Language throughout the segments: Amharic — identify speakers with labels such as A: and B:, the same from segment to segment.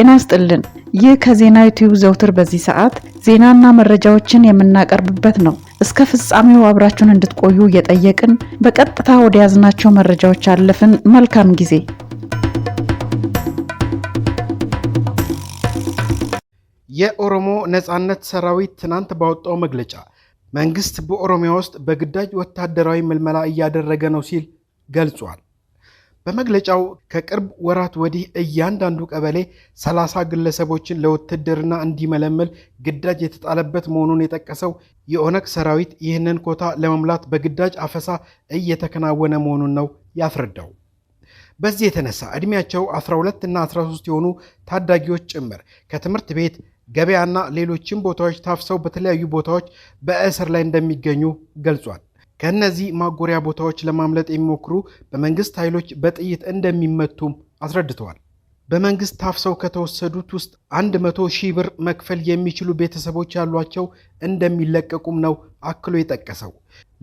A: ጤና ይስጥልን። ይህ ከዜና ዩቲዩብ ዘውትር በዚህ ሰዓት ዜናና መረጃዎችን የምናቀርብበት ነው። እስከ ፍጻሜው አብራችሁን እንድትቆዩ እየጠየቅን በቀጥታ ወደ ያዝናቸው መረጃዎች አለፍን። መልካም ጊዜ።
B: የኦሮሞ ነጻነት ሰራዊት ትናንት ባወጣው መግለጫ መንግስት በኦሮሚያ ውስጥ በግዳጅ ወታደራዊ ምልመላ እያደረገ ነው ሲል ገልጿል። በመግለጫው ከቅርብ ወራት ወዲህ እያንዳንዱ ቀበሌ ሰላሳ ግለሰቦችን ለውትድርና እንዲመለመል ግዳጅ የተጣለበት መሆኑን የጠቀሰው የኦነግ ሰራዊት ይህንን ኮታ ለመሙላት በግዳጅ አፈሳ እየተከናወነ መሆኑን ነው ያስረዳው። በዚህ የተነሳ ዕድሜያቸው 12 እና 13 የሆኑ ታዳጊዎች ጭምር ከትምህርት ቤት ገበያና ሌሎችም ቦታዎች ታፍሰው በተለያዩ ቦታዎች በእስር ላይ እንደሚገኙ ገልጿል። ከእነዚህ ማጎሪያ ቦታዎች ለማምለጥ የሚሞክሩ በመንግስት ኃይሎች በጥይት እንደሚመቱም አስረድተዋል። በመንግስት ታፍሰው ከተወሰዱት ውስጥ አንድ መቶ ሺህ ብር መክፈል የሚችሉ ቤተሰቦች ያሏቸው እንደሚለቀቁም ነው አክሎ የጠቀሰው።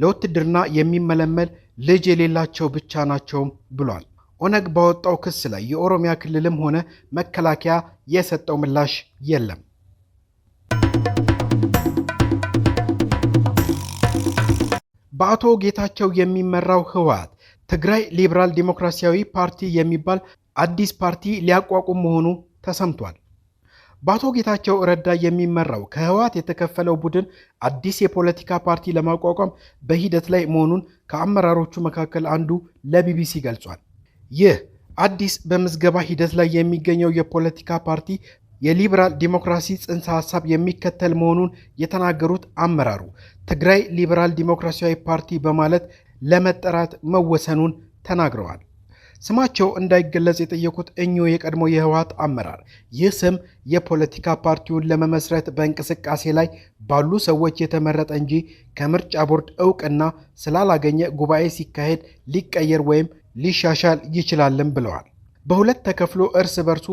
B: ለውትድርና የሚመለመል ልጅ የሌላቸው ብቻ ናቸውም ብሏል። ኦነግ ባወጣው ክስ ላይ የኦሮሚያ ክልልም ሆነ መከላከያ የሰጠው ምላሽ የለም። በአቶ ጌታቸው የሚመራው ህወሓት ትግራይ ሊበራል ዲሞክራሲያዊ ፓርቲ የሚባል አዲስ ፓርቲ ሊያቋቁም መሆኑ ተሰምቷል። በአቶ ጌታቸው ረዳ የሚመራው ከህወሓት የተከፈለው ቡድን አዲስ የፖለቲካ ፓርቲ ለማቋቋም በሂደት ላይ መሆኑን ከአመራሮቹ መካከል አንዱ ለቢቢሲ ገልጿል። ይህ አዲስ በምዝገባ ሂደት ላይ የሚገኘው የፖለቲካ ፓርቲ የሊበራል ዲሞክራሲ ጽንሰ ሀሳብ የሚከተል መሆኑን የተናገሩት አመራሩ ትግራይ ሊበራል ዲሞክራሲያዊ ፓርቲ በማለት ለመጠራት መወሰኑን ተናግረዋል። ስማቸው እንዳይገለጽ የጠየቁት እኚሁ የቀድሞ የህወሀት አመራር ይህ ስም የፖለቲካ ፓርቲውን ለመመስረት በእንቅስቃሴ ላይ ባሉ ሰዎች የተመረጠ እንጂ ከምርጫ ቦርድ እውቅና ስላላገኘ ጉባኤ ሲካሄድ ሊቀየር ወይም ሊሻሻል ይችላልም ብለዋል። በሁለት ተከፍሎ እርስ በርሱ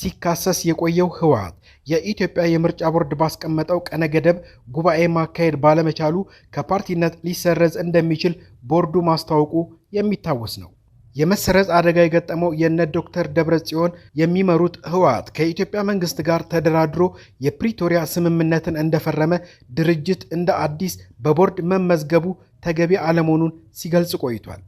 B: ሲካሰስ የቆየው ህወሓት የኢትዮጵያ የምርጫ ቦርድ ባስቀመጠው ቀነ ገደብ ጉባኤ ማካሄድ ባለመቻሉ ከፓርቲነት ሊሰረዝ እንደሚችል ቦርዱ ማስታወቁ የሚታወስ ነው። የመሰረዝ አደጋ የገጠመው የነ ዶክተር ደብረ ጽዮን የሚመሩት ህወሓት ከኢትዮጵያ መንግስት ጋር ተደራድሮ የፕሪቶሪያ ስምምነትን እንደፈረመ ድርጅት እንደ አዲስ በቦርድ መመዝገቡ ተገቢ አለመሆኑን ሲገልጽ ቆይቷል።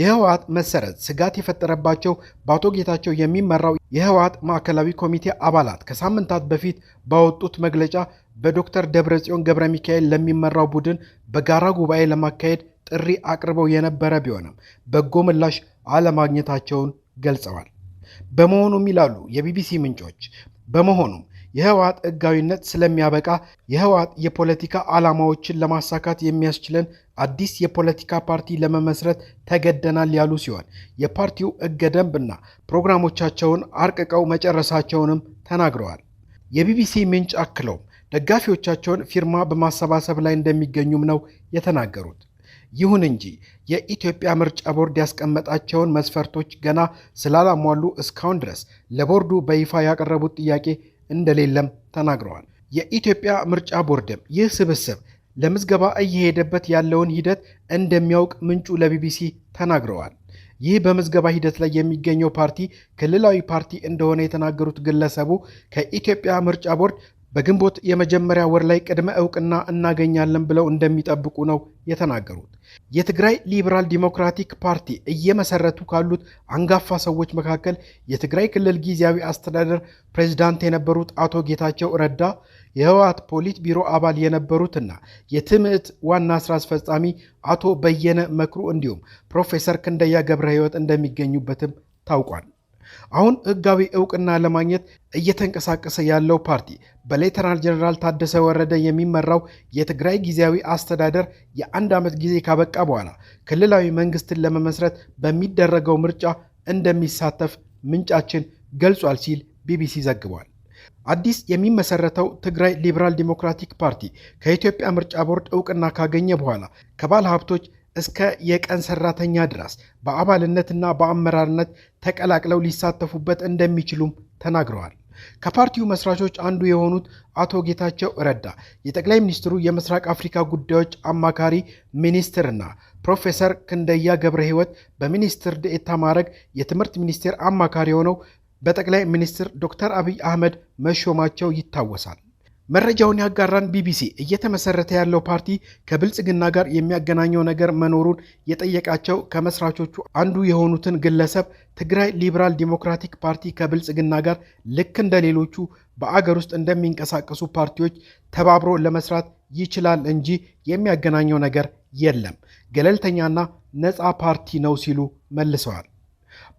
B: የህወሓት መሰረት ስጋት የፈጠረባቸው በአቶ ጌታቸው የሚመራው የህወሓት ማዕከላዊ ኮሚቴ አባላት ከሳምንታት በፊት ባወጡት መግለጫ በዶክተር ደብረጽዮን ገብረ ሚካኤል ለሚመራው ቡድን በጋራ ጉባኤ ለማካሄድ ጥሪ አቅርበው የነበረ ቢሆንም በጎ ምላሽ አለማግኘታቸውን ገልጸዋል። በመሆኑም ይላሉ የቢቢሲ ምንጮች፣ በመሆኑም የህወሓት ህጋዊነት ስለሚያበቃ የህወሓት የፖለቲካ ዓላማዎችን ለማሳካት የሚያስችለን አዲስ የፖለቲካ ፓርቲ ለመመስረት ተገደናል ያሉ ሲሆን የፓርቲው ህገ ደንብና ፕሮግራሞቻቸውን አርቅቀው መጨረሳቸውንም ተናግረዋል። የቢቢሲ ምንጭ አክለውም ደጋፊዎቻቸውን ፊርማ በማሰባሰብ ላይ እንደሚገኙም ነው የተናገሩት። ይሁን እንጂ የኢትዮጵያ ምርጫ ቦርድ ያስቀመጣቸውን መስፈርቶች ገና ስላላሟሉ እስካሁን ድረስ ለቦርዱ በይፋ ያቀረቡት ጥያቄ እንደሌለም ተናግረዋል። የኢትዮጵያ ምርጫ ቦርድም ይህ ስብስብ ለምዝገባ እየሄደበት ያለውን ሂደት እንደሚያውቅ ምንጩ ለቢቢሲ ተናግረዋል። ይህ በምዝገባ ሂደት ላይ የሚገኘው ፓርቲ ክልላዊ ፓርቲ እንደሆነ የተናገሩት ግለሰቡ ከኢትዮጵያ ምርጫ ቦርድ በግንቦት የመጀመሪያ ወር ላይ ቅድመ እውቅና እናገኛለን ብለው እንደሚጠብቁ ነው የተናገሩት። የትግራይ ሊበራል ዲሞክራቲክ ፓርቲ እየመሰረቱ ካሉት አንጋፋ ሰዎች መካከል የትግራይ ክልል ጊዜያዊ አስተዳደር ፕሬዚዳንት የነበሩት አቶ ጌታቸው ረዳ፣ የህወሓት ፖሊት ቢሮ አባል የነበሩትና የትምህርት ዋና ስራ አስፈጻሚ አቶ በየነ መክሩ እንዲሁም ፕሮፌሰር ክንደያ ገብረ ህይወት እንደሚገኙበትም ታውቋል። አሁን ህጋዊ እውቅና ለማግኘት እየተንቀሳቀሰ ያለው ፓርቲ በሌተናል ጀነራል ታደሰ ወረደ የሚመራው የትግራይ ጊዜያዊ አስተዳደር የአንድ ዓመት ጊዜ ካበቃ በኋላ ክልላዊ መንግስትን ለመመስረት በሚደረገው ምርጫ እንደሚሳተፍ ምንጫችን ገልጿል ሲል ቢቢሲ ዘግቧል። አዲስ የሚመሰረተው ትግራይ ሊበራል ዲሞክራቲክ ፓርቲ ከኢትዮጵያ ምርጫ ቦርድ እውቅና ካገኘ በኋላ ከባለ ሀብቶች እስከ የቀን ሰራተኛ ድረስ በአባልነትና በአመራርነት ተቀላቅለው ሊሳተፉበት እንደሚችሉም ተናግረዋል። ከፓርቲው መስራቾች አንዱ የሆኑት አቶ ጌታቸው ረዳ የጠቅላይ ሚኒስትሩ የምስራቅ አፍሪካ ጉዳዮች አማካሪ ሚኒስትርና ፕሮፌሰር ክንደያ ገብረ ሕይወት በሚኒስትር ድኤታ ማዕረግ የትምህርት ሚኒስቴር አማካሪ ሆነው በጠቅላይ ሚኒስትር ዶክተር አብይ አህመድ መሾማቸው ይታወሳል። መረጃውን ያጋራን ቢቢሲ እየተመሰረተ ያለው ፓርቲ ከብልጽግና ጋር የሚያገናኘው ነገር መኖሩን የጠየቃቸው ከመስራቾቹ አንዱ የሆኑትን ግለሰብ ትግራይ ሊበራል ዲሞክራቲክ ፓርቲ ከብልጽግና ጋር ልክ እንደ ሌሎቹ በአገር ውስጥ እንደሚንቀሳቀሱ ፓርቲዎች ተባብሮ ለመስራት ይችላል እንጂ የሚያገናኘው ነገር የለም፣ ገለልተኛና ነፃ ፓርቲ ነው ሲሉ መልሰዋል።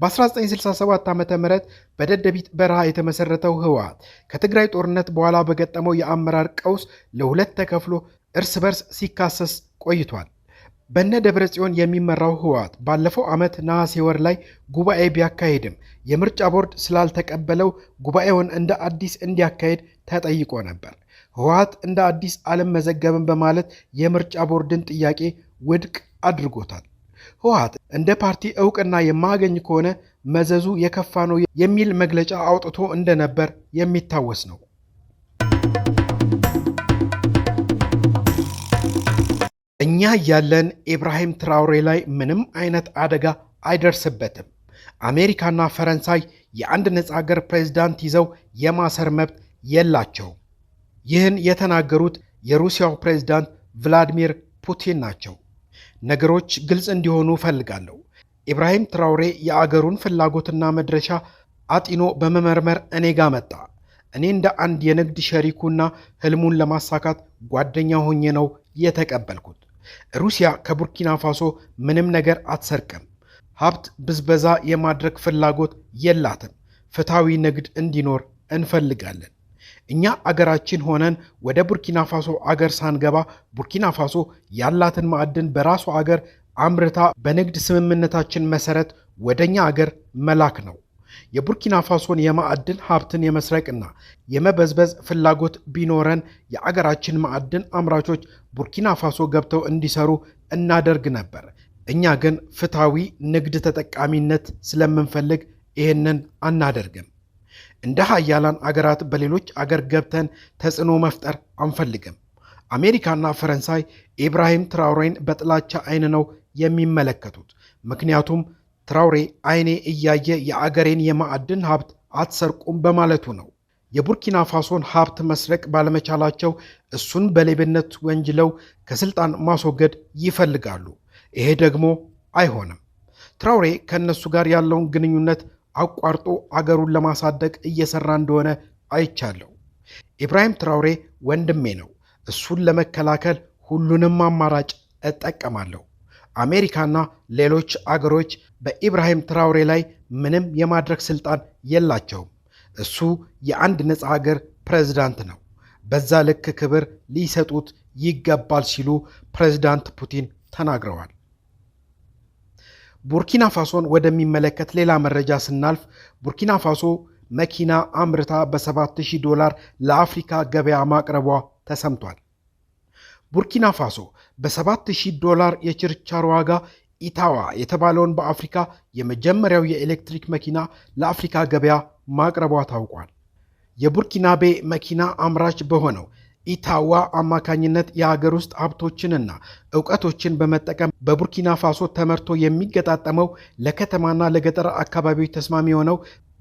B: በ1967 ዓ ም በደደቢት በረሃ የተመሰረተው ህወሓት ከትግራይ ጦርነት በኋላ በገጠመው የአመራር ቀውስ ለሁለት ተከፍሎ እርስ በርስ ሲካሰስ ቆይቷል። በነ ደብረ ጽዮን የሚመራው ህወሓት ባለፈው ዓመት ነሐሴ ወር ላይ ጉባኤ ቢያካሄድም የምርጫ ቦርድ ስላልተቀበለው ጉባኤውን እንደ አዲስ እንዲያካሄድ ተጠይቆ ነበር። ህወሓት እንደ አዲስ አልመዘገብም በማለት የምርጫ ቦርድን ጥያቄ ውድቅ አድርጎታል። ህወሀት እንደ ፓርቲ እውቅና የማገኝ ከሆነ መዘዙ የከፋ ነው የሚል መግለጫ አውጥቶ እንደነበር የሚታወስ ነው። እኛ ያለን ኢብራሂም ትራውሬ ላይ ምንም አይነት አደጋ አይደርስበትም። አሜሪካና ፈረንሳይ የአንድ ነጻ አገር ፕሬዝዳንት ይዘው የማሰር መብት የላቸውም። ይህን የተናገሩት የሩሲያው ፕሬዝዳንት ቭላዲሚር ፑቲን ናቸው። ነገሮች ግልጽ እንዲሆኑ እፈልጋለሁ። ኢብራሂም ትራውሬ የአገሩን ፍላጎትና መድረሻ አጢኖ በመመርመር እኔ ጋ መጣ። እኔ እንደ አንድ የንግድ ሸሪኩና ህልሙን ለማሳካት ጓደኛ ሆኜ ነው የተቀበልኩት። ሩሲያ ከቡርኪና ፋሶ ምንም ነገር አትሰርቅም። ሀብት ብዝበዛ የማድረግ ፍላጎት የላትም። ፍትሐዊ ንግድ እንዲኖር እንፈልጋለን። እኛ አገራችን ሆነን ወደ ቡርኪና ፋሶ አገር ሳንገባ ቡርኪና ፋሶ ያላትን ማዕድን በራሷ አገር አምርታ በንግድ ስምምነታችን መሰረት ወደ እኛ አገር መላክ ነው። የቡርኪና ፋሶን የማዕድን ሀብትን የመስረቅና የመበዝበዝ ፍላጎት ቢኖረን የአገራችን ማዕድን አምራቾች ቡርኪና ፋሶ ገብተው እንዲሰሩ እናደርግ ነበር። እኛ ግን ፍትሐዊ ንግድ ተጠቃሚነት ስለምንፈልግ ይህንን አናደርግም። እንደ ሀያላን አገራት በሌሎች አገር ገብተን ተጽዕኖ መፍጠር አንፈልግም። አሜሪካና ፈረንሳይ ኢብራሂም ትራውሬን በጥላቻ አይን ነው የሚመለከቱት። ምክንያቱም ትራውሬ አይኔ እያየ የአገሬን የማዕድን ሀብት አትሰርቁም በማለቱ ነው። የቡርኪና ፋሶን ሀብት መስረቅ ባለመቻላቸው እሱን በሌብነት ወንጅለው ከስልጣን ማስወገድ ይፈልጋሉ። ይሄ ደግሞ አይሆንም። ትራውሬ ከእነሱ ጋር ያለውን ግንኙነት አቋርጦ አገሩን ለማሳደግ እየሰራ እንደሆነ አይቻለሁ። ኢብራሂም ትራውሬ ወንድሜ ነው። እሱን ለመከላከል ሁሉንም አማራጭ እጠቀማለሁ። አሜሪካና ሌሎች አገሮች በኢብራሂም ትራውሬ ላይ ምንም የማድረግ ስልጣን የላቸውም። እሱ የአንድ ነፃ አገር ፕሬዝዳንት ነው። በዛ ልክ ክብር ሊሰጡት ይገባል ሲሉ ፕሬዝዳንት ፑቲን ተናግረዋል። ቡርኪና ፋሶን ወደሚመለከት ሌላ መረጃ ስናልፍ ቡርኪና ፋሶ መኪና አምርታ በ7000 ዶላር ለአፍሪካ ገበያ ማቅረቧ ተሰምቷል። ቡርኪና ፋሶ በ7000 ዶላር የችርቻር ዋጋ ኢታዋ የተባለውን በአፍሪካ የመጀመሪያው የኤሌክትሪክ መኪና ለአፍሪካ ገበያ ማቅረቧ ታውቋል። የቡርኪናቤ መኪና አምራች በሆነው ኢታዋ አማካኝነት የሀገር ውስጥ ሀብቶችንና እውቀቶችን በመጠቀም በቡርኪና ፋሶ ተመርቶ የሚገጣጠመው ለከተማና ለገጠር አካባቢዎች ተስማሚ የሆነው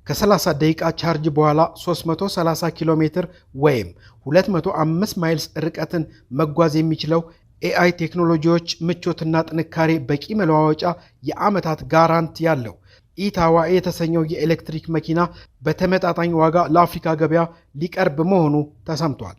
B: ከ30 ደቂቃ ቻርጅ በኋላ 330 ኪሎ ሜትር ወይም 205 ማይልስ ርቀትን መጓዝ የሚችለው ኤአይ ቴክኖሎጂዎች ምቾትና ጥንካሬ በቂ መለዋወጫ የዓመታት ጋራንት ያለው ኢታዋ የተሰኘው የኤሌክትሪክ መኪና በተመጣጣኝ ዋጋ ለአፍሪካ ገበያ ሊቀርብ መሆኑ ተሰምቷል።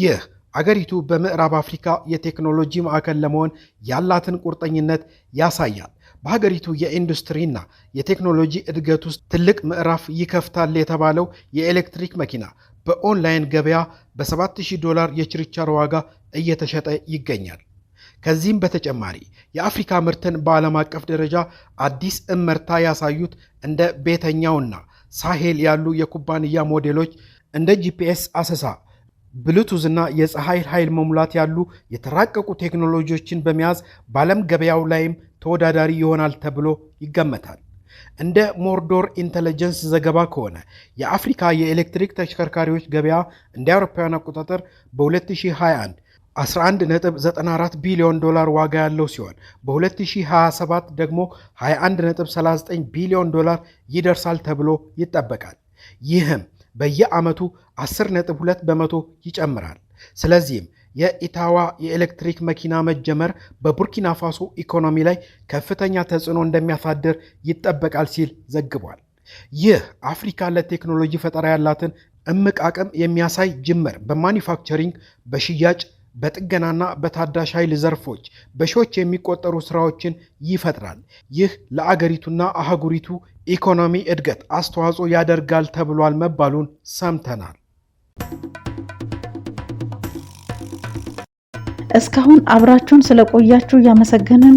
B: ይህ አገሪቱ በምዕራብ አፍሪካ የቴክኖሎጂ ማዕከል ለመሆን ያላትን ቁርጠኝነት ያሳያል። በሀገሪቱ የኢንዱስትሪና የቴክኖሎጂ እድገት ውስጥ ትልቅ ምዕራፍ ይከፍታል የተባለው የኤሌክትሪክ መኪና በኦንላይን ገበያ በ7000 ዶላር የችርቻር ዋጋ እየተሸጠ ይገኛል። ከዚህም በተጨማሪ የአፍሪካ ምርትን በዓለም አቀፍ ደረጃ አዲስ እመርታ ያሳዩት እንደ ቤተኛውና ሳሄል ያሉ የኩባንያ ሞዴሎች እንደ ጂፒኤስ አሰሳ ብሉቱዝ እና የፀሐይ ኃይል መሙላት ያሉ የተራቀቁ ቴክኖሎጂዎችን በመያዝ በዓለም ገበያው ላይም ተወዳዳሪ ይሆናል ተብሎ ይገመታል። እንደ ሞርዶር ኢንተለጀንስ ዘገባ ከሆነ የአፍሪካ የኤሌክትሪክ ተሽከርካሪዎች ገበያ እንደ አውሮፓውያን አቆጣጠር በ2021 11.94 ቢሊዮን ዶላር ዋጋ ያለው ሲሆን በ2027 ደግሞ 21.39 ቢሊዮን ዶላር ይደርሳል ተብሎ ይጠበቃል ይህም በየዓመቱ 10.2 በመቶ ይጨምራል። ስለዚህም የኢታዋ የኤሌክትሪክ መኪና መጀመር በቡርኪና ፋሶ ኢኮኖሚ ላይ ከፍተኛ ተጽዕኖ እንደሚያሳድር ይጠበቃል ሲል ዘግቧል። ይህ አፍሪካ ለቴክኖሎጂ ፈጠራ ያላትን እምቅ አቅም የሚያሳይ ጅምር በማኒፋክቸሪንግ፣ በሽያጭ በጥገናና በታዳሽ ኃይል ዘርፎች በሺዎች የሚቆጠሩ ስራዎችን ይፈጥራል። ይህ ለአገሪቱና አህጉሪቱ ኢኮኖሚ እድገት አስተዋጽኦ ያደርጋል ተብሏል መባሉን ሰምተናል።
A: እስካሁን አብራችሁን ስለቆያችሁ እያመሰገንን